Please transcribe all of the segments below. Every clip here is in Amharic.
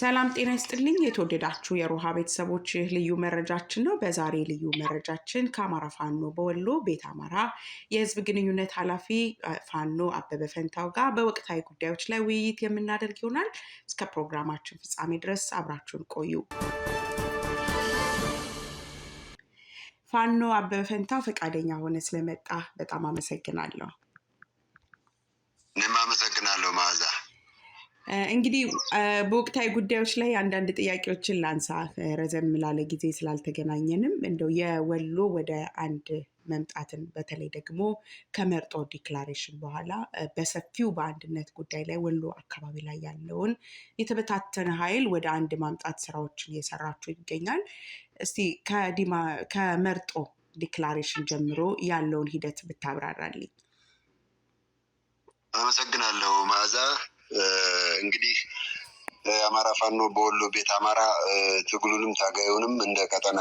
ሰላም ጤና ይስጥልኝ። የተወደዳችሁ የሮሃ ቤተሰቦች ይህ ልዩ መረጃችን ነው። በዛሬ ልዩ መረጃችን ከአማራ ፋኖ በወሎ ቤት አማራ የህዝብ ግንኙነት ኃላፊ ፋኖ አበበ ፈንታው ጋር በወቅታዊ ጉዳዮች ላይ ውይይት የምናደርግ ይሆናል። እስከ ፕሮግራማችን ፍጻሜ ድረስ አብራችሁን ቆዩ። ፋኖ አበበ ፈንታው ፈቃደኛ ሆነ ስለመጣ በጣም አመሰግናለሁ። እኔም አመሰግናለሁ እንግዲህ በወቅታዊ ጉዳዮች ላይ አንዳንድ ጥያቄዎችን ላንሳ። ረዘም ላለ ጊዜ ስላልተገናኘንም እንደው የወሎ ወደ አንድ መምጣትን በተለይ ደግሞ ከመርጦ ዲክላሬሽን በኋላ በሰፊው በአንድነት ጉዳይ ላይ ወሎ አካባቢ ላይ ያለውን የተበታተነ ኃይል ወደ አንድ ማምጣት ስራዎችን እየሰራችሁ ይገኛል። እስቲ ከመርጦ ዲክላሬሽን ጀምሮ ያለውን ሂደት ብታብራራልኝ። አመሰግናለሁ መዓዛ። እንግዲህ የአማራ ፋኖ በወሎ ቤት አማራ ትግሉንም ታጋዩንም እንደ ቀጠና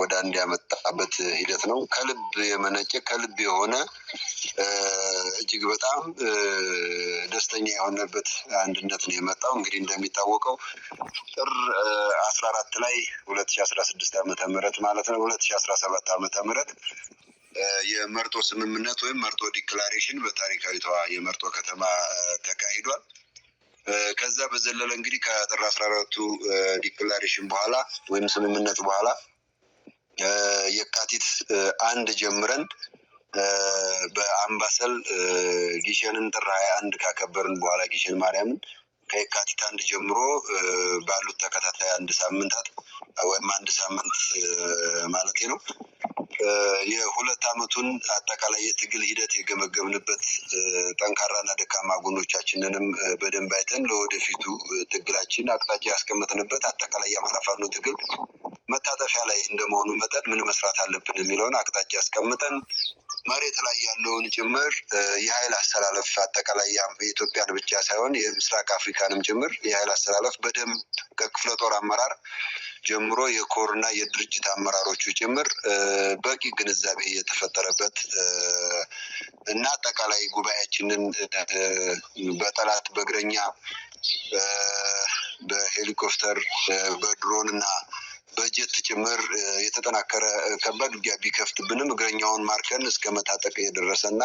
ወደ አንድ ያመጣበት ሂደት ነው። ከልብ የመነጨ ከልብ የሆነ እጅግ በጣም ደስተኛ የሆነበት አንድነት ነው የመጣው። እንግዲህ እንደሚታወቀው ጥር አስራ አራት ላይ ሁለት ሺ አስራ ስድስት ዓመተ ምህረት ማለት ነው ሁለት ሺ አስራ ሰባት ዓመተ ምህረት የመርጦ ስምምነት ወይም መርጦ ዲክላሬሽን በታሪካዊቷ የመርጦ ከተማ ተካሂዷል። ከዛ በዘለለ እንግዲህ ከጥር አስራ አራቱ ዲክላሬሽን በኋላ ወይም ስምምነት በኋላ የካቲት አንድ ጀምረን በአምባሰል ጊሸንን ጥር ሀያ አንድ ካከበርን በኋላ ጊሸን ማርያምን ከየካቲት አንድ ጀምሮ ባሉት ተከታታይ አንድ ሳምንታት ወይም አንድ ሳምንት ማለት ነው የሁለት ዓመቱን አጠቃላይ የትግል ሂደት የገመገብንበት ጠንካራና ደካማ ጎኖቻችንንም በደንብ አይተን ለወደፊቱ ትግላችን አቅጣጫ ያስቀመጥንበት አጠቃላይ የአማራ ፋኖ ትግል መታጠፊያ ላይ እንደመሆኑ መጠን ምን መስራት አለብን የሚለውን አቅጣጫ ያስቀምጠን መሬት ላይ ያለውን ጭምር የኃይል አስተላለፍ አጠቃላይ የኢትዮጵያን ብቻ ሳይሆን የምስራቅ አፍሪካንም ጭምር የኃይል አስተላለፍ በደንብ ከክፍለ ጦር አመራር ጀምሮ የኮርና የድርጅት አመራሮቹ ጭምር በቂ ግንዛቤ የተፈጠረበት እና አጠቃላይ ጉባኤያችንን በጠላት በእግረኛ በሄሊኮፕተር በድሮን እና በጀት ጭምር የተጠናከረ ከባድ ውጊያ ቢከፍትብንም እግረኛውን ማርከን እስከ መታጠቅ የደረሰ እና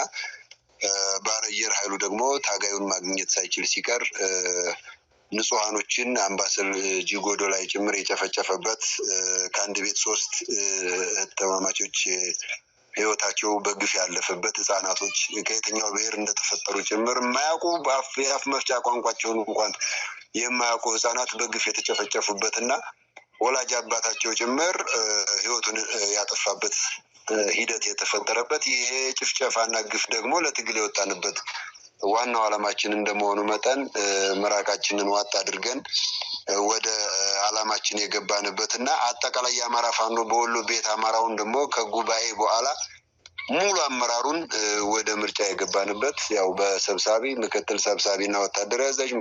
ባረየር ኃይሉ ደግሞ ታጋዩን ማግኘት ሳይችል ሲቀር ንጹሐኖችን አምባሰል ጂጎዶ ላይ ጭምር የጨፈጨፈበት ከአንድ ቤት ሶስት ተማማቾች ህይወታቸው በግፍ ያለፈበት ህጻናቶች ከየትኛው ብሔር እንደተፈጠሩ ጭምር የማያውቁ የአፍ መፍጫ ቋንቋቸውን እንኳን የማያውቁ ህጻናት በግፍ የተጨፈጨፉበት እና ወላጅ አባታቸው ጭምር ህይወቱን ያጠፋበት ሂደት የተፈጠረበት ይሄ ጭፍጨፋና ግፍ ደግሞ ለትግል የወጣንበት ዋናው ዓላማችን እንደመሆኑ መጠን ምራቃችንን ዋጥ አድርገን ወደ ዓላማችን የገባንበት እና አጠቃላይ የአማራ ፋኖ በወሎ ቤት አማራውን ደግሞ ከጉባኤ በኋላ ሙሉ አመራሩን ወደ ምርጫ የገባንበት ያው በሰብሳቢ ምክትል ሰብሳቢ እና ወታደራዊ አዛዥ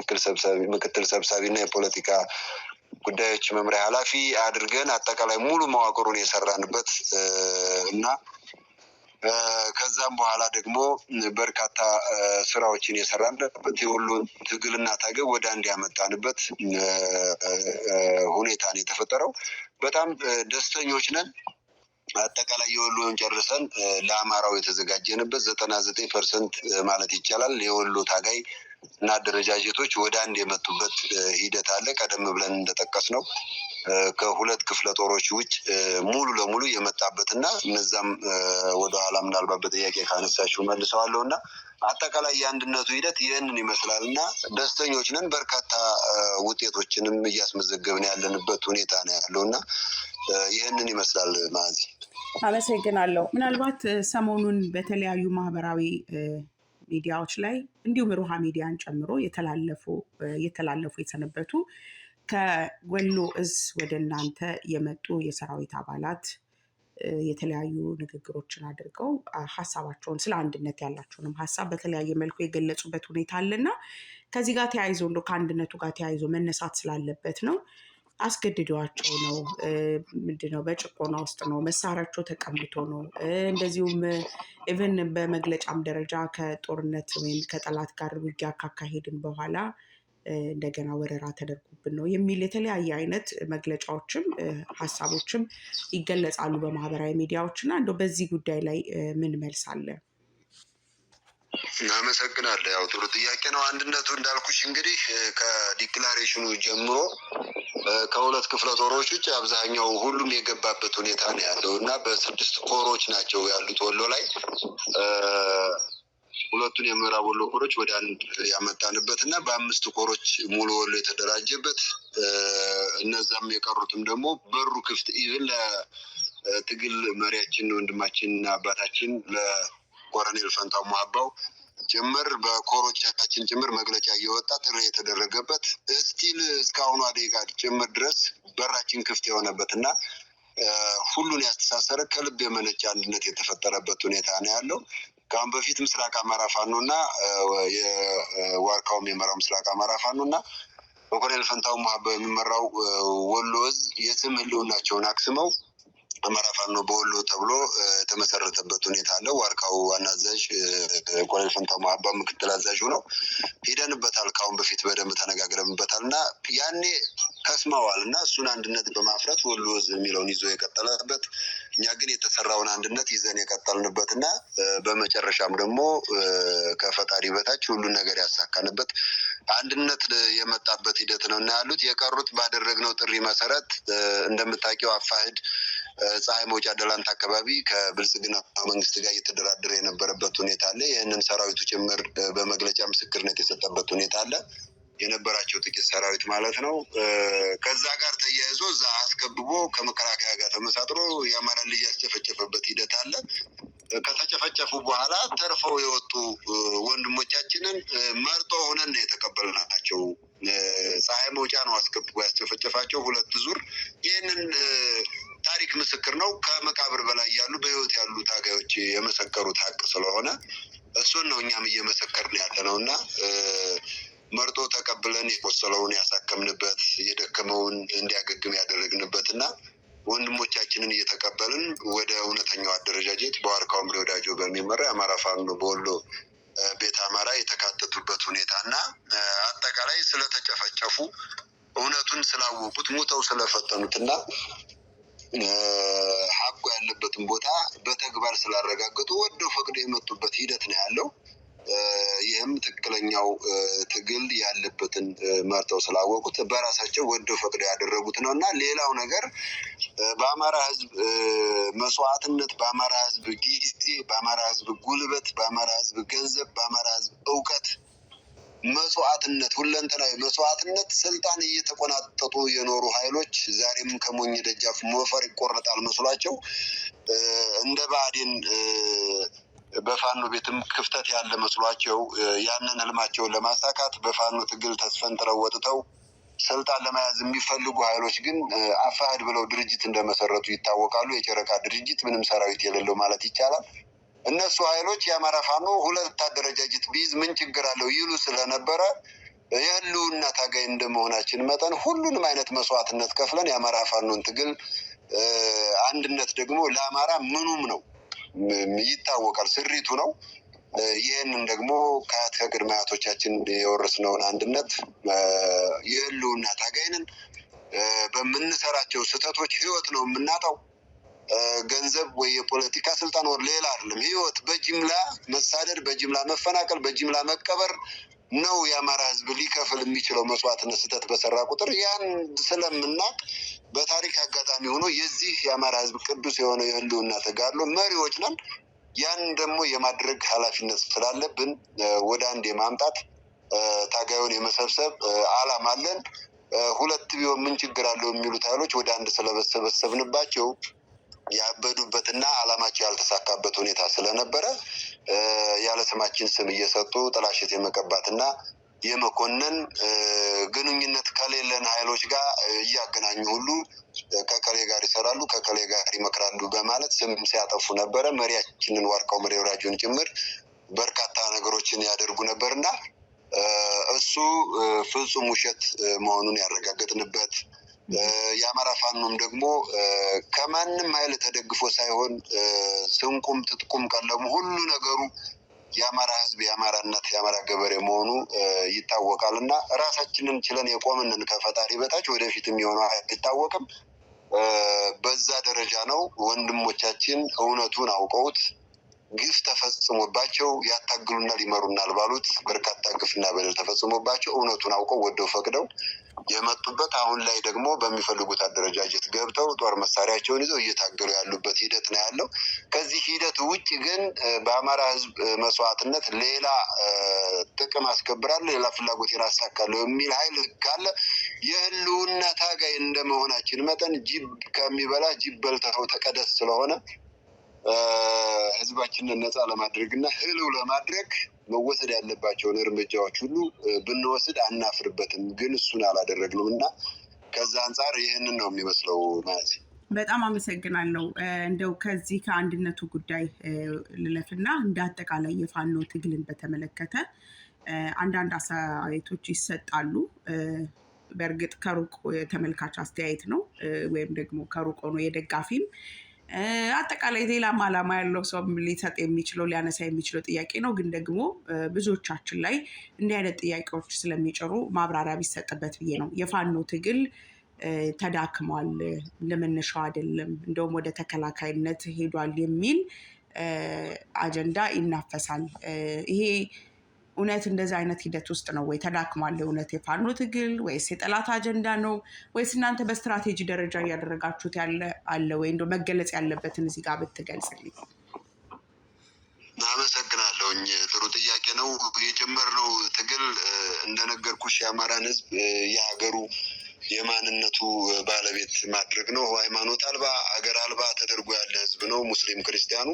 ምክትል ሰብሳቢ እና የፖለቲካ ጉዳዮች መምሪያ ኃላፊ አድርገን አጠቃላይ ሙሉ መዋቅሩን የሰራንበት እና ከዛም በኋላ ደግሞ በርካታ ስራዎችን የሰራንበት የሁሉን ትግልና ታገብ ወደ አንድ ያመጣንበት ሁኔታ ነው የተፈጠረው። በጣም ደስተኞች ነን። አጠቃላይ የወሎን ጨርሰን ለአማራው የተዘጋጀንበት ዘጠና ዘጠኝ ፐርሰንት ማለት ይቻላል የወሎ ታጋይ እና አደረጃጀቶች ወደ አንድ የመጡበት ሂደት አለ። ቀደም ብለን እንደጠቀስ ነው ከሁለት ክፍለ ጦሮች ውጭ ሙሉ ለሙሉ የመጣበትና እነዛም ወደኋላ ምናልባት በጥያቄ ካነሳችሁ መልሰዋለሁ እና አጠቃላይ የአንድነቱ ሂደት ይህንን ይመስላል እና ደስተኞች ነን። በርካታ ውጤቶችንም እያስመዘገብን ያለንበት ሁኔታ ነው ያለው እና ይህንን ይመስላል ማዚ። አመሰግናለሁ። ምናልባት ሰሞኑን በተለያዩ ማህበራዊ ሚዲያዎች ላይ እንዲሁም ሩሃ ሚዲያን ጨምሮ የተላለፉ የተላለፉ የሰነበቱ ከወሎ እዝ ወደ እናንተ የመጡ የሰራዊት አባላት የተለያዩ ንግግሮችን አድርገው ሀሳባቸውን ስለ አንድነት ያላቸውንም ሀሳብ በተለያየ መልኩ የገለጹበት ሁኔታ አለና ከዚህ ጋር ተያይዞ እንደ ከአንድነቱ ጋር ተያይዞ መነሳት ስላለበት ነው። አስገድዷቸው ነው። ምንድነው በጭቆና ውስጥ ነው። መሳሪያቸው ተቀምቶ ነው። እንደዚሁም ኢቨን በመግለጫም ደረጃ ከጦርነት ወይም ከጠላት ጋር ውጊያ ካካሄድን በኋላ እንደገና ወረራ ተደርጎብን ነው የሚል የተለያየ አይነት መግለጫዎችም ሀሳቦችም ይገለጻሉ በማህበራዊ ሚዲያዎች እና እንደው በዚህ ጉዳይ ላይ ምን መልስ አለ? አመሰግናለሁ። ያው ጥሩ ጥያቄ ነው። አንድነቱ እንዳልኩሽ እንግዲህ ከዲክላሬሽኑ ጀምሮ ከሁለት ክፍለ ጦሮች ውጭ አብዛኛው ሁሉም የገባበት ሁኔታ ነው ያለው እና በስድስት ኮሮች ናቸው ያሉት ወሎ ላይ ሁለቱን የምዕራብ ወሎ ኮሮች ወደ አንድ ያመጣንበት እና በአምስት ኮሮች ሙሉ ወሎ የተደራጀበት እነዛም የቀሩትም ደግሞ በሩ ክፍት ኢቭን ለትግል መሪያችን ወንድማችን እና አባታችን ለኮረኔል ፈንታው ሞሀባው ጭምር በኮሮቻችን ጭምር መግለጫ እየወጣ ጥሪ የተደረገበት እስቲል እስካሁኗ አደጋ ጭምር ድረስ በራችን ክፍት የሆነበት እና ሁሉን ያስተሳሰረ ከልብ የመነጫ አንድነት የተፈጠረበት ሁኔታ ነው ያለው። ከአሁን በፊት ምስራቅ አማራ ፋኖ እና የዋርካውም የመራው ምስራቅ አማራ ፋኖ እና በኮሎኔል ፈንታው የሚመራው ወሎ እዝ የስም ህልውናቸውን አክስመው አማራ ፋኖ በወሎ ተብሎ የተመሰረተበት ሁኔታ አለ። ዋርካው ዋና አዛዥ ኮሎኔል ፈንታው ምክትል አዛዥ ነው። ሂደንበታል። ካሁን በፊት በደንብ ተነጋግረንበታል እና ያኔ ከስማዋል እና እሱን አንድነት በማፍረት ወሎ የሚለውን ይዞ የቀጠለበት እኛ ግን የተሰራውን አንድነት ይዘን የቀጠልንበት እና በመጨረሻም ደግሞ ከፈጣሪ በታች ሁሉን ነገር ያሳካንበት አንድነት የመጣበት ሂደት ነው እና ያሉት የቀሩት ባደረግነው ጥሪ መሰረት እንደምታውቂው አፋህድ ፀሐይ መውጫ ደላንት አካባቢ ከብልጽግና መንግስት ጋር እየተደራደረ የነበረበት ሁኔታ አለ። ይህንን ሰራዊቱ ጭምር በመግለጫ ምስክርነት የሰጠበት ሁኔታ አለ። የነበራቸው ጥቂት ሰራዊት ማለት ነው። ከዛ ጋር ተያይዞ እዛ አስከብቦ ከመከላከያ ጋር ተመሳጥሮ የአማራ ልጅ ያስጨፈጨፈበት ሂደት አለ። ከተጨፈጨፉ በኋላ ተርፈው የወጡ ወንድሞቻችንን መርጦ ሆነን ነው የተቀበልናቸው። ፀሐይ መውጫ ነው አስከብቦ ያስጨፈጨፋቸው ሁለት ዙር። ይህንን ታሪክ ምስክር ነው። ከመቃብር በላይ ያሉ በህይወት ያሉ ታጋዮች የመሰከሩት ሀቅ ስለሆነ እሱን ነው እኛም እየመሰከርን ያለ ነው እና መርጦ ተቀብለን የቆሰለውን ያሳከምንበት የደከመውን እንዲያገግም ያደረግንበት እና ወንድሞቻችንን እየተቀበልን ወደ እውነተኛው አደረጃጀት በዋርካው ምሬ ወዳጆ በሚመራ የአማራ ፋኖ በወሎ ቤት አማራ የተካተቱበት ሁኔታ እና አጠቃላይ ስለተጨፈጨፉ እውነቱን ስላወቁት ሙተው ስለፈጠኑት እና የዚህኛው ትግል ያለበትን መርጠው ስላወቁት በራሳቸው ወደው ፈቅደው ያደረጉት ነው እና ሌላው ነገር በአማራ ህዝብ መስዋዕትነት፣ በአማራ ህዝብ ጊዜ፣ በአማራ ህዝብ ጉልበት፣ በአማራ ህዝብ ገንዘብ፣ በአማራ ህዝብ እውቀት መስዋዕትነት ሁለንተናዊ መስዋዕትነት ስልጣን እየተቆናጠጡ የኖሩ ኃይሎች ዛሬም ከሞኝ ደጃፍ ሞፈር ይቆረጣል መስሏቸው እንደ ብአዴን በፋኖ ቤትም ክፍተት ያለ መስሏቸው ያንን ህልማቸውን ለማሳካት በፋኖ ትግል ተስፈንጥረው ወጥተው ስልጣን ለመያዝ የሚፈልጉ ኃይሎች ግን አፋሕድ ብለው ድርጅት እንደመሰረቱ ይታወቃሉ። የጨረቃ ድርጅት ምንም ሰራዊት የሌለው ማለት ይቻላል። እነሱ ኃይሎች የአማራ ፋኖ ሁለት አደረጃጀት ቢይዝ ምን ችግር አለው ይሉ ስለነበረ የህልውና ታጋይ እንደመሆናችን መጠን ሁሉንም አይነት መስዋዕትነት ከፍለን የአማራ ፋኖን ትግል አንድነት ደግሞ ለአማራ ምኑም ነው ይታወቃል፣ ስሪቱ ነው። ይህንን ደግሞ ከአያት ከቅድመ አያቶቻችን የወረስነውን አንድነት የህልውና ታጋይንን በምንሰራቸው ስህተቶች ህይወት ነው የምናጣው። ገንዘብ ወይ የፖለቲካ ስልጣን ወር ሌላ አይደለም፣ ህይወት በጅምላ መሳደድ፣ በጅምላ መፈናቀል፣ በጅምላ መቀበር ነው የአማራ ህዝብ ሊከፍል የሚችለው መስዋዕትነት ስህተት በሰራ ቁጥር ያን ስለምናቅ በታሪክ አጋጣሚ ሆኖ የዚህ የአማራ ህዝብ ቅዱስ የሆነ የህልውና ተጋድሎ መሪዎች ነን። ያን ደግሞ የማድረግ ኃላፊነት ስላለብን ወደ አንድ የማምጣት ታጋዩን የመሰብሰብ አላማ አለን። ሁለት ቢሆን ምን ችግር አለው የሚሉት ኃይሎች ወደ አንድ ስለበሰበሰብንባቸው ያበዱበትና አላማቸው ያልተሳካበት ሁኔታ ስለነበረ ያለ ስማችን ስም እየሰጡ ጥላሸት የመቀባትና የመኮነን ግንኙነት ከሌለን ኃይሎች ጋር እያገናኙ ሁሉ ከከሌ ጋር ይሰራሉ፣ ከከሌ ጋር ይመክራሉ በማለት ስም ሲያጠፉ ነበረ። መሪያችንን ዋርካው መሪ ወራጆን ጭምር በርካታ ነገሮችን ያደርጉ ነበር እና እሱ ፍጹም ውሸት መሆኑን ያረጋገጥንበት የአማራ ፋኖም ደግሞ ከማንም ኃይል ተደግፎ ሳይሆን ስንቁም ትጥቁም ቀለሙ ሁሉ ነገሩ የአማራ ህዝብ የአማራ እናት የአማራ ገበሬ መሆኑ ይታወቃል እና ራሳችንን ችለን የቆምንን ከፈጣሪ በታች ወደፊት የሚሆነው አይታወቅም። በዛ ደረጃ ነው ወንድሞቻችን እውነቱን አውቀውት ግፍ ተፈጽሞባቸው ያታግሉና ሊመሩናል ባሉት በርካታ ግፍና በደል ተፈጽሞባቸው እውነቱን አውቀው ወደው ፈቅደው የመጡበት አሁን ላይ ደግሞ በሚፈልጉት አደረጃጀት ገብተው ጦር መሳሪያቸውን ይዘው እየታገሉ ያሉበት ሂደት ነው ያለው። ከዚህ ሂደት ውጭ ግን በአማራ ሕዝብ መስዋዕትነት ሌላ ጥቅም አስከብራለሁ፣ ሌላ ፍላጎት አሳካለሁ የሚል ኃይል ካለ የህልውና ታጋይ እንደመሆናችን መጠን ጅብ ከሚበላ ጅብ በልተው ተቀደስ ስለሆነ ህዝባችንን ነፃ ለማድረግና ህልው ለማድረግ መወሰድ ያለባቸውን እርምጃዎች ሁሉ ብንወስድ አናፍርበትም። ግን እሱን አላደረግንም እና ከዛ አንጻር ይህንን ነው የሚመስለው ማለት በጣም አመሰግናለሁ። እንደው ከዚህ ከአንድነቱ ጉዳይ ልለፍና እንደ አጠቃላይ የፋኖ ትግልን በተመለከተ አንዳንድ አስተያየቶች ይሰጣሉ። በእርግጥ ከሩቅ ተመልካች አስተያየት ነው ወይም ደግሞ ከሩቅ ሆኖ የደጋፊም አጠቃላይ ሌላም ዓላማ ያለው ሰው ሊሰጥ የሚችለው ሊያነሳ የሚችለው ጥያቄ ነው። ግን ደግሞ ብዙዎቻችን ላይ እንዲህ አይነት ጥያቄዎች ስለሚጭሩ ማብራሪያ ቢሰጥበት ብዬ ነው። የፋኖ ትግል ተዳክሟል፣ ለመነሻው አይደለም፣ እንደውም ወደ ተከላካይነት ሄዷል የሚል አጀንዳ ይናፈሳል ይሄ እውነት እንደዚህ አይነት ሂደት ውስጥ ነው ወይ ተዳክሟል? እውነት የፋኖ ትግል ወይስ የጠላት አጀንዳ ነው ወይስ እናንተ በስትራቴጂ ደረጃ እያደረጋችሁት ያለ አለ ወይ? እንደ መገለጽ ያለበትን እዚህ ጋር ብትገልጽልኝ። አመሰግናለሁኝ። ጥሩ ጥያቄ ነው። የጀመርነው ትግል እንደነገርኩሽ የአማራን ሕዝብ የሀገሩ የማንነቱ ባለቤት ማድረግ ነው። ሃይማኖት አልባ ሀገር አልባ ተደርጎ ያለ ሕዝብ ነው ሙስሊም ክርስቲያኑ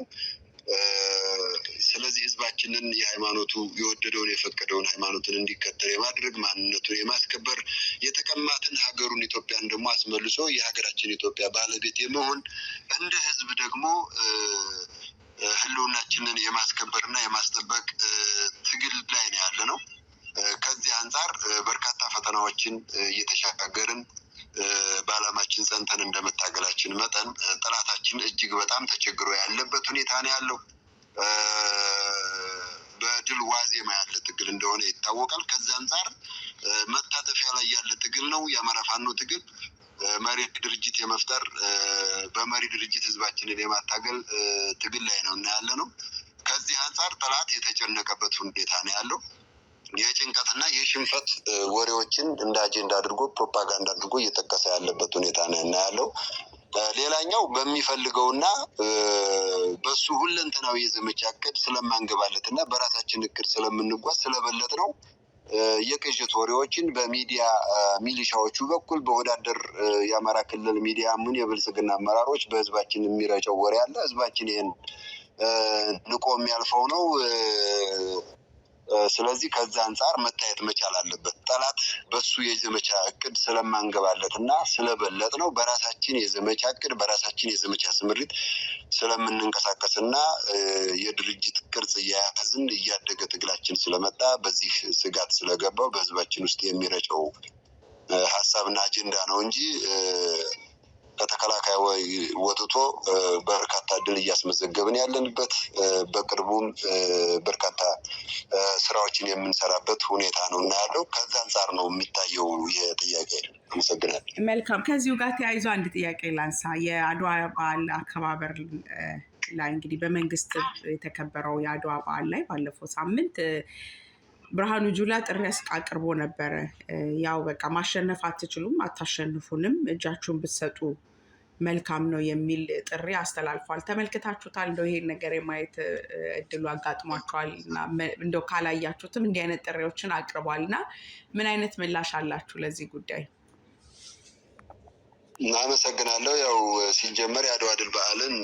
ስለዚህ ህዝባችንን የሃይማኖቱ የወደደውን የፈቀደውን ሃይማኖትን እንዲከተል የማድረግ ማንነቱን የማስከበር የተቀማትን ሀገሩን ኢትዮጵያን ደግሞ አስመልሶ የሀገራችን ኢትዮጵያ ባለቤት የመሆን እንደ ህዝብ ደግሞ ህልውናችንን የማስከበርና የማስጠበቅ ትግል ላይ ነው ያለ ነው። ከዚህ አንጻር በርካታ ፈተናዎችን እየተሻጋገርን በዓላማችን ጸንተን እንደመታገላችን መጠን ጠላታችን እጅግ በጣም ተቸግሮ ያለበት ሁኔታ ነው ያለው። በድል ዋዜማ ያለ ትግል እንደሆነ ይታወቃል። ከዚ አንጻር መታጠፊያ ላይ ያለ ትግል ነው የአማራ ትግል። መሪ ድርጅት የመፍጠር በመሪ ድርጅት ህዝባችንን የማታገል ትግል ላይ ነው እና ያለ ነው። ከዚህ አንጻር ጠላት የተጨነቀበት ሁኔታ ነው ያለው። የጭንቀትና የሽንፈት ወሬዎችን እንደ አጀንዳ አድርጎ ፕሮፓጋንዳ አድርጎ እየጠቀሰ ያለበት ሁኔታ ነው እናያለው። ሌላኛው በሚፈልገውና በሱ ሁለንተናዊ የዘመቻ እቅድ ስለማንገባለትና በራሳችን እቅድ ስለምንጓዝ ስለበለጥ ነው የቅዥት ወሬዎችን በሚዲያ ሚሊሻዎቹ በኩል በወዳደር የአማራ ክልል ሚዲያ ምን የብልጽግና አመራሮች በህዝባችን የሚረጨው ወሬ አለ። ህዝባችን ይህን ንቆ የሚያልፈው ነው። ስለዚህ ከዛ አንጻር መታየት መቻል አለበት። ጠላት በሱ የዘመቻ እቅድ ስለማንገባለት እና ስለበለጥ ነው በራሳችን የዘመቻ እቅድ በራሳችን የዘመቻ ስምሪት ስለምንንቀሳቀስ እና የድርጅት ቅርጽ እያያዝን እያደገ ትግላችን ስለመጣ በዚህ ስጋት ስለገባው በህዝባችን ውስጥ የሚረጨው ሀሳብና አጀንዳ ነው እንጂ ከተከላካይ ወጥቶ በርካታ ድል እያስመዘገብን ያለንበት በቅርቡም በርካታ ስራዎችን የምንሰራበት ሁኔታ ነው እና ያለው ከዛ አንጻር ነው የሚታየው። የጥያቄ አመሰግናል መልካም። ከዚሁ ጋር ተያይዞ አንድ ጥያቄ ላንሳ። የአድዋ በዓል አከባበር ላይ እንግዲህ በመንግስት የተከበረው የአድዋ በዓል ላይ ባለፈው ሳምንት ብርሃኑ ጁላ ጥሪ አቅርቦ ነበረ። ያው በቃ ማሸነፍ አትችሉም፣ አታሸንፉንም፣ እጃችሁን ብትሰጡ መልካም ነው የሚል ጥሪ አስተላልፏል። ተመልክታችሁታል? እንደው ይሄን ነገር የማየት እድሉ አጋጥሟቸዋል? እንደው ካላያችሁትም እንዲህ አይነት ጥሪዎችን አቅርቧል እና ምን አይነት ምላሽ አላችሁ ለዚህ ጉዳይ? እናመሰግናለሁ። ያው ሲጀመር የአድዋ ድል በዓልን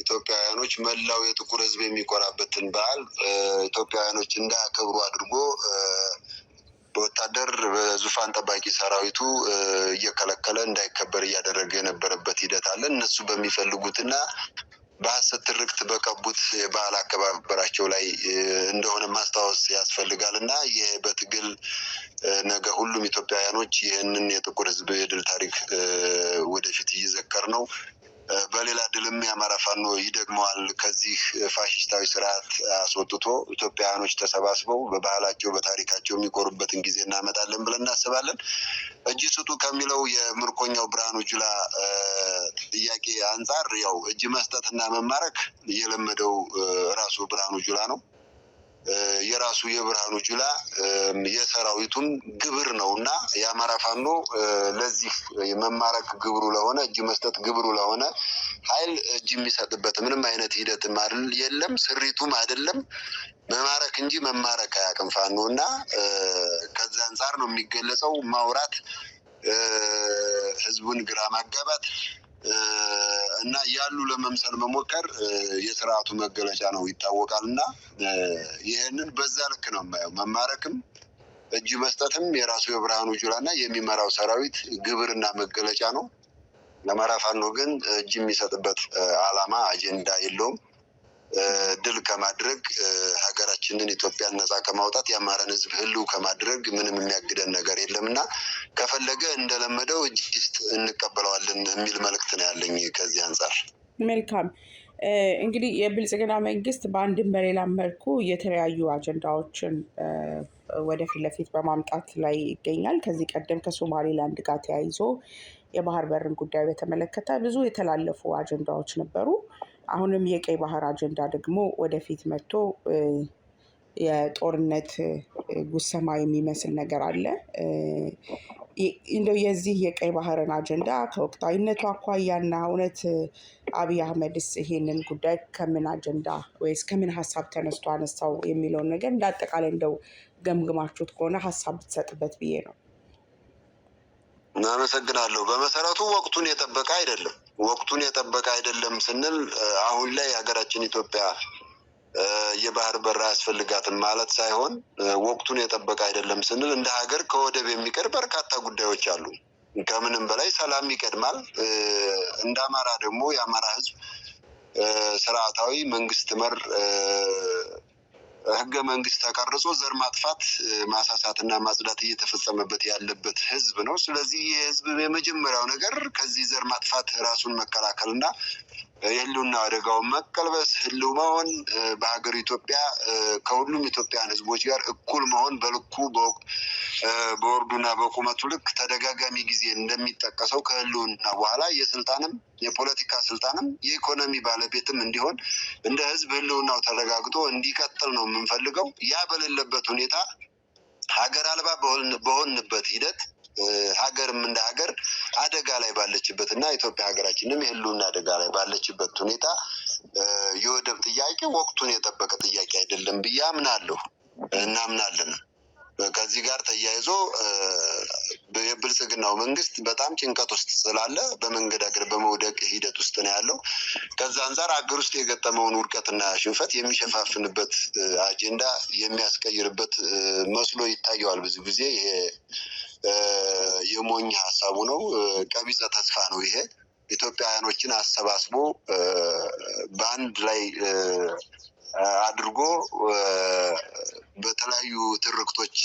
ኢትዮጵያውያኖች መላው የጥቁር ሕዝብ የሚኮራበትን በዓል ኢትዮጵያውያኖች እንዳያከብሩ አድርጎ በወታደር በዙፋን ጠባቂ ሰራዊቱ እየከለከለ እንዳይከበር እያደረገ የነበረበት ሂደት አለ። እነሱ በሚፈልጉትና በሀሰት ትርክት በቀቡት የበዓል አከባበራቸው ላይ እንደሆነ ማስታወስ ያስፈልጋል እና ይህ በትግል ነገ ሁሉም ኢትዮጵያውያኖች ይህንን የጥቁር ህዝብ የድል ታሪክ ወደፊት እየዘከር ነው በሌላ ድልም የአማራ ፋኖ ይደግመዋል። ከዚህ ፋሽስታዊ ስርዓት አስወጥቶ ኢትዮጵያውያኖች ተሰባስበው በባህላቸው በታሪካቸው የሚኮሩበትን ጊዜ እናመጣለን ብለን እናስባለን። እጅ ስጡ ከሚለው የምርኮኛው ብርሃኑ ጁላ ጥያቄ አንጻር ያው እጅ መስጠትና መማረክ የለመደው ራሱ ብርሃኑ ጁላ ነው። የራሱ የብርሃኑ ጁላ የሰራዊቱን ግብር ነው እና የአማራ ፋኖ ለዚህ መማረክ ግብሩ ለሆነ እጅ መስጠት ግብሩ ለሆነ ኃይል እጅ የሚሰጥበት ምንም አይነት ሂደትም የለም፣ ስሪቱም አይደለም። መማረክ እንጂ መማረክ አያውቅም ፋኖ እና ከዛ አንጻር ነው የሚገለጸው ማውራት ህዝቡን ግራ ማጋባት እና ያሉ ለመምሰል መሞከር የስርዓቱ መገለጫ ነው ይታወቃል። እና ይህንን በዛ ልክ ነው የማየው። መማረክም እጅ መስጠትም የራሱ የብርሃኑ ጁላና የሚመራው ሰራዊት ግብርና መገለጫ ነው። ለመራፋኖ ግን እጅ የሚሰጥበት አላማ አጀንዳ የለውም። ድል ከማድረግ ሀገራችንን ኢትዮጵያን ነጻ ከማውጣት የአማራን ህዝብ ህልው ከማድረግ ምንም የሚያግደን ነገር የለም እና ከፈለገ እንደለመደው እጅ እንቀበለዋለን የሚል መልእክት ነው ያለኝ። ከዚህ አንጻር መልካም እንግዲህ የብልጽግና መንግስት በአንድም በሌላ መልኩ የተለያዩ አጀንዳዎችን ወደፊት ለፊት በማምጣት ላይ ይገኛል። ከዚህ ቀደም ከሶማሌላንድ ጋር ተያይዞ የባህር በርን ጉዳይ በተመለከተ ብዙ የተላለፉ አጀንዳዎች ነበሩ። አሁንም የቀይ ባህር አጀንዳ ደግሞ ወደፊት መጥቶ የጦርነት ጉሰማ የሚመስል ነገር አለ። እንደው የዚህ የቀይ ባህርን አጀንዳ ከወቅታዊነቱ አኳያና እውነት አብይ አህመድስ ይሄንን ጉዳይ ከምን አጀንዳ ወይስ ከምን ሀሳብ ተነስቶ አነሳው የሚለውን ነገር እንደ አጠቃላይ እንደው ገምግማችሁት ከሆነ ሀሳብ ብትሰጥበት ብዬ ነው። አመሰግናለሁ። በመሰረቱ ወቅቱን የጠበቀ አይደለም። ወቅቱን የጠበቀ አይደለም ስንል አሁን ላይ የሀገራችን ኢትዮጵያ የባህር በር አያስፈልጋትም ማለት ሳይሆን ወቅቱን የጠበቀ አይደለም ስንል እንደ ሀገር ከወደብ የሚቀር በርካታ ጉዳዮች አሉ። ከምንም በላይ ሰላም ይቀድማል። እንደ አማራ ደግሞ የአማራ ሕዝብ ስርዓታዊ መንግስት መር ህገ መንግስት ተቀርጾ ዘር ማጥፋት ማሳሳትና ማጽዳት እየተፈጸመበት ያለበት ህዝብ ነው። ስለዚህ የህዝብ የመጀመሪያው ነገር ከዚህ ዘር ማጥፋት ራሱን መከላከልና የህልውና አደጋውን መቀልበስ ህልው መሆን በሀገር ኢትዮጵያ ከሁሉም ኢትዮጵያን ህዝቦች ጋር እኩል መሆን በልኩ በወርዱና በቁመቱ ልክ ተደጋጋሚ ጊዜ እንደሚጠቀሰው ከህልውና በኋላ የስልጣንም የፖለቲካ ስልጣንም የኢኮኖሚ ባለቤትም እንዲሆን እንደ ህዝብ ህልውናው ተረጋግጦ እንዲቀጥል ነው የምንፈልገው። ያ በሌለበት ሁኔታ ሀገር አልባ በሆንበት ሂደት ሀገርም እንደ ሀገር አደጋ ላይ ባለችበት እና ኢትዮጵያ ሀገራችንም የህልውና አደጋ ላይ ባለችበት ሁኔታ የወደብ ጥያቄ ወቅቱን የጠበቀ ጥያቄ አይደለም ብዬ አምናለሁ እናምናለን። ከዚህ ጋር ተያይዞ የብልጽግናው መንግስት በጣም ጭንቀት ውስጥ ስላለ በመንገድ አገር በመውደቅ ሂደት ውስጥ ነው ያለው። ከዛ አንጻር ሀገር ውስጥ የገጠመውን ውድቀትና ሽንፈት የሚሸፋፍንበት አጀንዳ የሚያስቀይርበት መስሎ ይታየዋል ብዙ ጊዜ የሞኝ ሀሳቡ ነው፣ ቀቢጸ ተስፋ ነው። ይሄ ኢትዮጵያውያኖችን አሰባስቦ በአንድ ላይ አድርጎ በተለያዩ ትርክቶች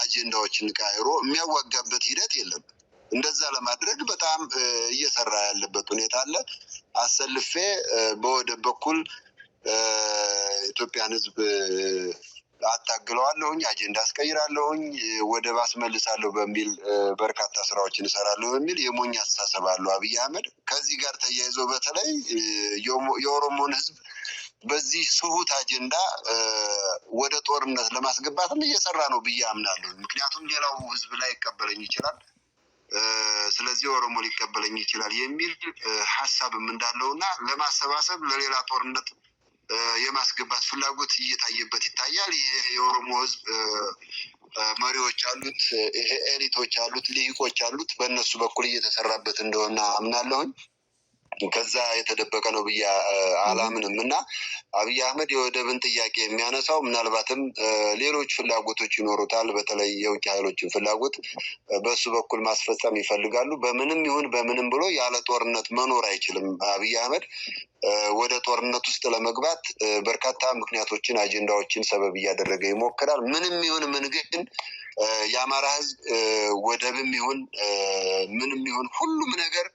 አጀንዳዎችን ቀያይሮ የሚያዋጋበት ሂደት የለም። እንደዛ ለማድረግ በጣም እየሰራ ያለበት ሁኔታ አለ። አሰልፌ በወደብ በኩል ኢትዮጵያን ሕዝብ አታግለዋለሁኝ፣ አጀንዳ አስቀይራለሁኝ፣ ወደ ባስ መልሳለሁ በሚል በርካታ ስራዎችን እሰራለሁ በሚል የሞኝ አስተሳሰብ አለው አብይ አህመድ። ከዚህ ጋር ተያይዞ በተለይ የኦሮሞን ህዝብ በዚህ ስሁት አጀንዳ ወደ ጦርነት ለማስገባትም እየሰራ ነው ብዬ አምናለሁ። ምክንያቱም ሌላው ህዝብ ላይ ይቀበለኝ ይችላል ስለዚህ ኦሮሞ ሊቀበለኝ ይችላል የሚል ሀሳብም እንዳለውና ለማሰባሰብ ለሌላ ጦርነት የማስገባት ፍላጎት እየታየበት ይታያል። ይሄ የኦሮሞ ህዝብ መሪዎች አሉት፣ ኤሊቶች አሉት፣ ልሂቆች አሉት። በእነሱ በኩል እየተሰራበት እንደሆነ አምናለሁኝ። ከዛ የተደበቀ ነው ብዬ አላምንም እና አብይ አህመድ የወደብን ጥያቄ የሚያነሳው ምናልባትም ሌሎች ፍላጎቶች ይኖሩታል። በተለይ የውጭ ኃይሎችን ፍላጎት በሱ በኩል ማስፈጸም ይፈልጋሉ። በምንም ይሁን በምንም ብሎ ያለ ጦርነት መኖር አይችልም። አብይ አህመድ ወደ ጦርነት ውስጥ ለመግባት በርካታ ምክንያቶችን፣ አጀንዳዎችን ሰበብ እያደረገ ይሞክራል። ምንም ይሁን ምን ግን የአማራ ሕዝብ ወደብም ይሁን ምንም ይሁን ሁሉም ነገር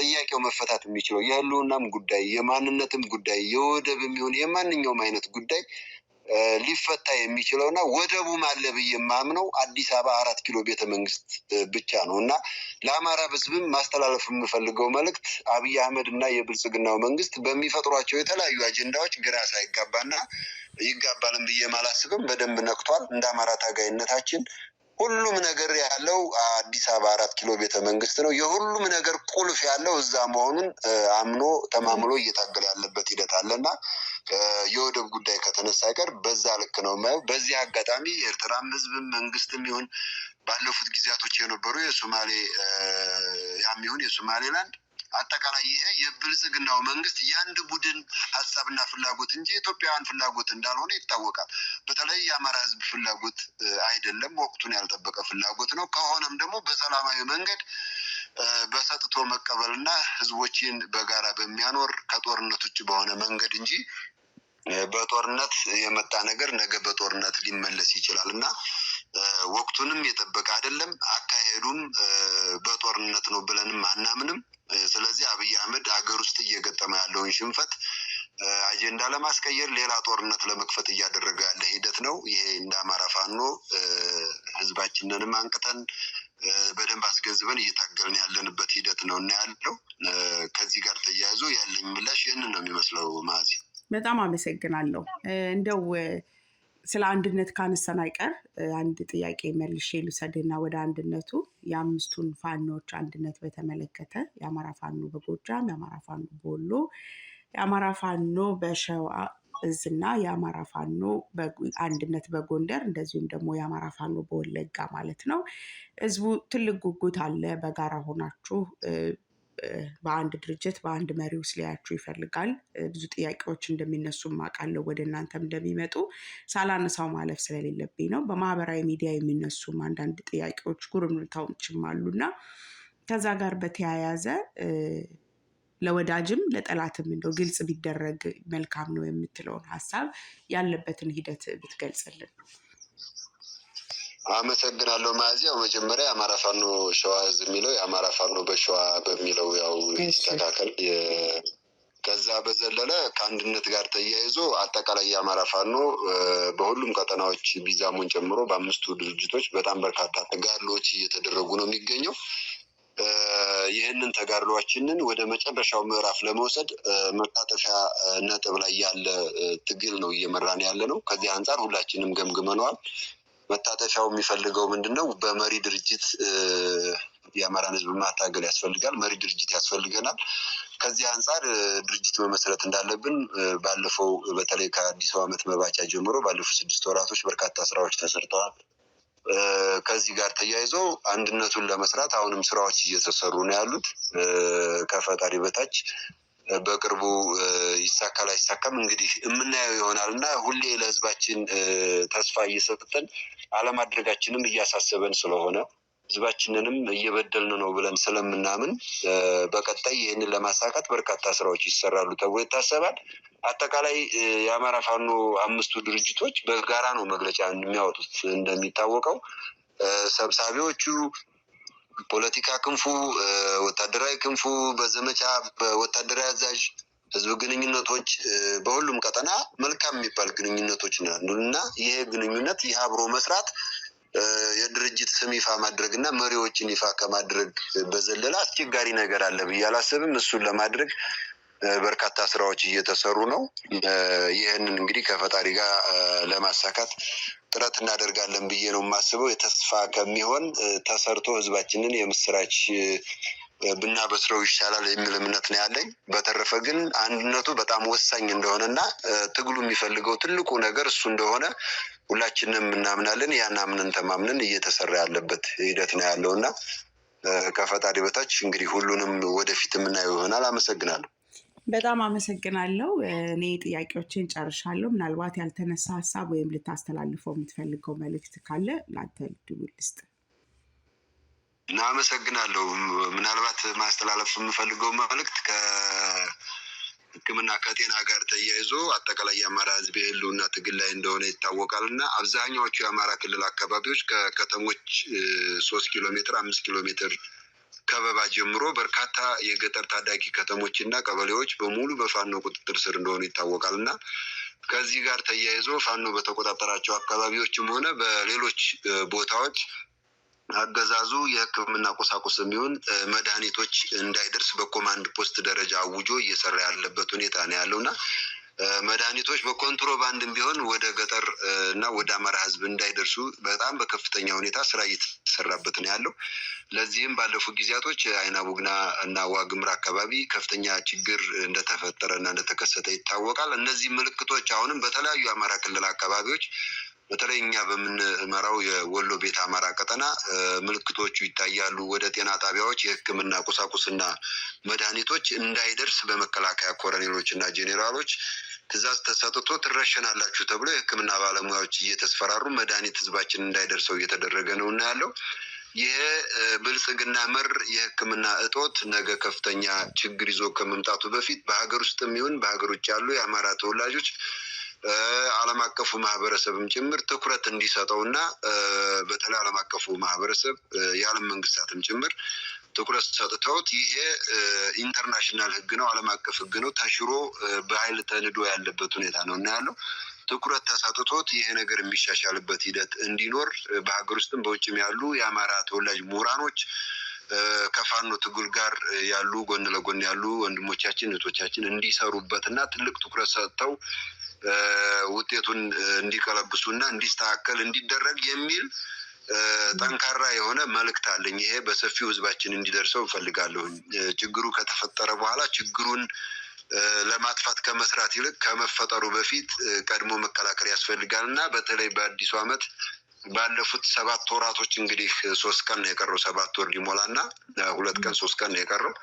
ጥያቄው መፈታት የሚችለው የህልውናም ጉዳይ የማንነትም ጉዳይ የወደብ የሚሆን የማንኛውም አይነት ጉዳይ ሊፈታ የሚችለው እና ወደቡም አለ ብዬ የማምነው አዲስ አበባ አራት ኪሎ ቤተ መንግስት ብቻ ነው እና ለአማራ ህዝብም ማስተላለፍ የምፈልገው መልእክት አብይ አህመድ እና የብልጽግናው መንግስት በሚፈጥሯቸው የተለያዩ አጀንዳዎች ግራ ሳይጋባና ይጋባልም ብዬ ማላስብም በደንብ ነክቷል። እንደ አማራ ታጋይነታችን ሁሉም ነገር ያለው አዲስ አበባ አራት ኪሎ ቤተ መንግስት ነው። የሁሉም ነገር ቁልፍ ያለው እዛ መሆኑን አምኖ ተማምኖ እየታገለ ያለበት ሂደት አለ እና የወደብ ጉዳይ ከተነሳ አይቀር በዛ ልክ ነው የማየው። በዚህ አጋጣሚ የኤርትራም ህዝብም መንግስትም ይሁን ባለፉት ጊዜያቶች የነበሩ የሶማሌ ያም ይሁን የሶማሌላንድ አጠቃላይ ይሄ የብልጽግናው መንግስት የአንድ ቡድን ሀሳብና ፍላጎት እንጂ የኢትዮጵያውያን ፍላጎት እንዳልሆነ ይታወቃል። በተለይ የአማራ ህዝብ ፍላጎት አይደለም፣ ወቅቱን ያልጠበቀ ፍላጎት ነው። ከሆነም ደግሞ በሰላማዊ መንገድ በሰጥቶ መቀበልና ህዝቦችን በጋራ በሚያኖር ከጦርነት ውጭ በሆነ መንገድ እንጂ በጦርነት የመጣ ነገር ነገ በጦርነት ሊመለስ ይችላል እና ወቅቱንም የጠበቀ አይደለም። አካሄዱም በጦርነት ነው ብለንም አናምንም። ስለዚህ አብይ አህመድ ሀገር ውስጥ እየገጠመ ያለውን ሽንፈት አጀንዳ ለማስቀየር ሌላ ጦርነት ለመክፈት እያደረገ ያለ ሂደት ነው። ይሄ እንደ አማራ ፋኖ ህዝባችንንም አንቅተን በደንብ አስገንዝበን እየታገልን ያለንበት ሂደት ነው እና ያለው ከዚህ ጋር ተያይዞ ያለኝ ምላሽ ይህንን ነው የሚመስለው። ማዚ በጣም አመሰግናለሁ እንደው ስለ አንድነት ካነሳን አይቀር አንድ ጥያቄ መልሼ ልውሰድና ወደ አንድነቱ የአምስቱን ፋኖች አንድነት በተመለከተ የአማራ ፋኖ በጎጃም፣ የአማራ ፋኖ በወሎ፣ የአማራ ፋኖ በሸዋ እዝና የአማራ ፋኖ አንድነት በጎንደር እንደዚሁም ደግሞ የአማራ ፋኖ በወለጋ ማለት ነው። ህዝቡ ትልቅ ጉጉት አለ። በጋራ ሆናችሁ በአንድ ድርጅት በአንድ መሪ ውስጥ ሊያያችሁ ይፈልጋል። ብዙ ጥያቄዎች እንደሚነሱ አውቃለሁ፣ ወደ እናንተም እንደሚመጡ ሳላነሳው ማለፍ ስለሌለብኝ ነው። በማህበራዊ ሚዲያ የሚነሱም አንዳንድ ጥያቄዎች ጉርምርታዎችም አሉና ከዛ ጋር በተያያዘ ለወዳጅም ለጠላትም እንደው ግልጽ ቢደረግ መልካም ነው የምትለውን ሀሳብ ያለበትን ሂደት ብትገልጽልን ነው። አመሰግናለሁ ማዚ። ያው መጀመሪያ የአማራ ፋኖ ሸዋ የሚለው የአማራ ፋኖ በሸዋ በሚለው ያው ይስተካከል። ከዛ በዘለለ ከአንድነት ጋር ተያይዞ አጠቃላይ የአማራ ፋኖ በሁሉም ቀጠናዎች ቢዛሙን ጨምሮ በአምስቱ ድርጅቶች በጣም በርካታ ተጋድሎዎች እየተደረጉ ነው የሚገኘው። ይህንን ተጋድሏችንን ወደ መጨረሻው ምዕራፍ ለመውሰድ መታጠፊያ ነጥብ ላይ ያለ ትግል ነው እየመራን ያለ ነው። ከዚህ አንጻር ሁላችንም ገምግመነዋል። መታተፊያው የሚፈልገው ምንድን ነው? በመሪ ድርጅት የአማራን ህዝብ ማታገል ያስፈልጋል። መሪ ድርጅት ያስፈልገናል። ከዚህ አንጻር ድርጅት መመስረት እንዳለብን ባለፈው በተለይ ከአዲሱ ዓመት መባቻ ጀምሮ ባለፉት ስድስት ወራቶች በርካታ ስራዎች ተሰርተዋል። ከዚህ ጋር ተያይዞ አንድነቱን ለመስራት አሁንም ስራዎች እየተሰሩ ነው ያሉት። ከፈጣሪ በታች በቅርቡ ይሳካል አይሳካም እንግዲህ የምናየው ይሆናል እና ሁሌ ለህዝባችን ተስፋ እየሰጠን አለማድረጋችንም እያሳሰበን ስለሆነ ህዝባችንንም እየበደልን ነው ብለን ስለምናምን በቀጣይ ይህንን ለማሳካት በርካታ ስራዎች ይሰራሉ ተብሎ ይታሰባል። አጠቃላይ የአማራ ፋኖ አምስቱ ድርጅቶች በጋራ ነው መግለጫ የሚያወጡት እንደሚታወቀው ሰብሳቢዎቹ ፖለቲካ ክንፉ፣ ወታደራዊ ክንፉ፣ በዘመቻ በወታደራዊ አዛዥ፣ ህዝብ ግንኙነቶች፣ በሁሉም ቀጠና መልካም የሚባል ግንኙነቶች ነው እና ይሄ ግንኙነት ይህ አብሮ መስራት የድርጅት ስም ይፋ ማድረግ እና መሪዎችን ይፋ ከማድረግ በዘለለ አስቸጋሪ ነገር አለ ብዬ አላስብም። እሱን ለማድረግ በርካታ ስራዎች እየተሰሩ ነው። ይህንን እንግዲህ ከፈጣሪ ጋር ለማሳካት ጥረት እናደርጋለን ብዬ ነው የማስበው። የተስፋ ከሚሆን ተሰርቶ ህዝባችንን የምስራች ብናበስረው ይሻላል የሚል እምነት ነው ያለኝ። በተረፈ ግን አንድነቱ በጣም ወሳኝ እና ትግሉ የሚፈልገው ትልቁ ነገር እሱ እንደሆነ ሁላችንም እናምናለን። ያን አምነን ተማምነን እየተሰራ ያለበት ሂደት ነው ያለው እና ከፈጣሪ በታች እንግዲህ ሁሉንም ወደፊት የምናየው ይሆናል። አመሰግናለሁ። በጣም አመሰግናለሁ። እኔ ጥያቄዎችን ጨርሻለሁ። ምናልባት ያልተነሳ ሀሳብ ወይም ልታስተላልፈው የምትፈልገው መልእክት ካለ ለአንተ እድሉን ልስጥ። አመሰግናለሁ። ምናልባት ማስተላለፍ የምፈልገው መልእክት ከህክምና ከጤና ጋር ተያይዞ አጠቃላይ የአማራ ሕዝብ የህልውና ትግል ላይ እንደሆነ ይታወቃል እና አብዛኛዎቹ የአማራ ክልል አካባቢዎች ከከተሞች ሶስት ኪሎ ሜትር አምስት ኪሎ ሜትር ከበባ ጀምሮ በርካታ የገጠር ታዳጊ ከተሞች እና ቀበሌዎች በሙሉ በፋኖ ቁጥጥር ስር እንደሆኑ ይታወቃል እና ከዚህ ጋር ተያይዞ ፋኖ በተቆጣጠራቸው አካባቢዎችም ሆነ በሌሎች ቦታዎች አገዛዙ የሕክምና ቁሳቁስ የሚሆን መድኃኒቶች እንዳይደርስ በኮማንድ ፖስት ደረጃ አውጆ እየሰራ ያለበት ሁኔታ ነው ያለው እና መድኃኒቶች በኮንትሮባንድም ቢሆን ወደ ገጠር እና ወደ አማራ ህዝብ እንዳይደርሱ በጣም በከፍተኛ ሁኔታ ስራ እየተሰራበት ነው ያለው። ለዚህም ባለፉት ጊዜያቶች አይና ቡግና እና ዋግምራ አካባቢ ከፍተኛ ችግር እንደተፈጠረ እና እንደተከሰተ ይታወቃል። እነዚህ ምልክቶች አሁንም በተለያዩ የአማራ ክልል አካባቢዎች በተለይ እኛ በምንመራው የወሎ ቤት አማራ ቀጠና ምልክቶቹ ይታያሉ። ወደ ጤና ጣቢያዎች የሕክምና ቁሳቁስና መድኃኒቶች እንዳይደርስ በመከላከያ ኮረኔሎች እና ጄኔራሎች ትዕዛዝ ተሰጥቶ ትረሸናላችሁ ተብሎ የሕክምና ባለሙያዎች እየተስፈራሩ መድኃኒት ህዝባችን እንዳይደርሰው እየተደረገ ነው እና ያለው ይሄ ብልጽግና መር የህክምና እጦት ነገ ከፍተኛ ችግር ይዞ ከመምጣቱ በፊት በሀገር ውስጥ የሚሆን በሀገር ውጭ ያሉ የአማራ ተወላጆች ዓለም አቀፉ ማህበረሰብም ጭምር ትኩረት እንዲሰጠው እና በተለይ ዓለም አቀፉ ማህበረሰብ የዓለም መንግስታትም ጭምር ትኩረት ሰጥተውት ይሄ ኢንተርናሽናል ህግ ነው፣ ዓለም አቀፍ ህግ ነው፣ ተሽሮ በኃይል ተንዶ ያለበት ሁኔታ ነው እና ያለው ትኩረት ተሰጥቶት ይሄ ነገር የሚሻሻልበት ሂደት እንዲኖር በሀገር ውስጥም በውጭም ያሉ የአማራ ተወላጅ ምሁራኖች ከፋኖ ትግል ጋር ያሉ ጎን ለጎን ያሉ ወንድሞቻችን እህቶቻችን እንዲሰሩበት እና ትልቅ ትኩረት ሰጥተው ውጤቱን እንዲቀለብሱና እንዲስተካከል እንዲደረግ የሚል ጠንካራ የሆነ መልእክት አለኝ። ይሄ በሰፊው ህዝባችን እንዲደርሰው እፈልጋለሁ። ችግሩ ከተፈጠረ በኋላ ችግሩን ለማጥፋት ከመስራት ይልቅ ከመፈጠሩ በፊት ቀድሞ መከላከል ያስፈልጋል እና በተለይ በአዲሱ ዓመት ባለፉት ሰባት ወራቶች እንግዲህ ሶስት ቀን ነው የቀረው። ሰባት ወር ሊሞላ እና ሁለት ቀን ሶስት ቀን ነው የቀረው።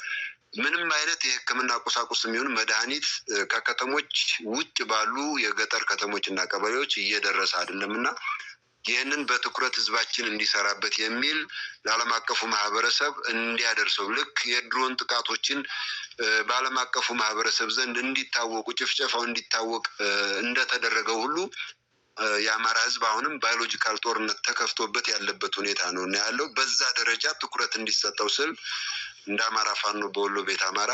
ምንም አይነት የሕክምና ቁሳቁስ የሚሆን መድኃኒት ከከተሞች ውጭ ባሉ የገጠር ከተሞችና ቀበሌዎች እየደረሰ አይደለም እና ይህንን በትኩረት ህዝባችን እንዲሰራበት የሚል ለዓለም አቀፉ ማህበረሰብ እንዲያደርሰው ልክ የድሮን ጥቃቶችን በዓለም አቀፉ ማህበረሰብ ዘንድ እንዲታወቁ ጭፍጨፋው እንዲታወቅ እንደተደረገው ሁሉ የአማራ ህዝብ አሁንም ባዮሎጂካል ጦርነት ተከፍቶበት ያለበት ሁኔታ ነው እና ያለው በዛ ደረጃ ትኩረት እንዲሰጠው ስል እንደ አማራ ፋኖ በወሎ ቤት አማራ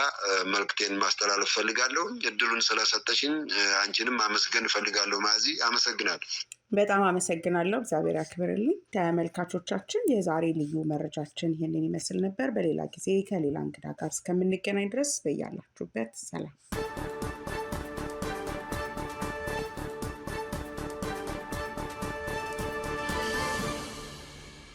መልክቴን ማስተላለፍ ፈልጋለሁ። እድሉን ስለሰጠሽኝ አንቺንም አመስገን እፈልጋለሁ። ማዚ አመሰግናለሁ። በጣም አመሰግናለሁ። እግዚአብሔር ያክብርልኝ። ተመልካቾቻችን፣ የዛሬ ልዩ መረጃችን ይህንን ይመስል ነበር። በሌላ ጊዜ ከሌላ እንግዳ ጋር እስከምንገናኝ ድረስ በያላችሁበት ሰላም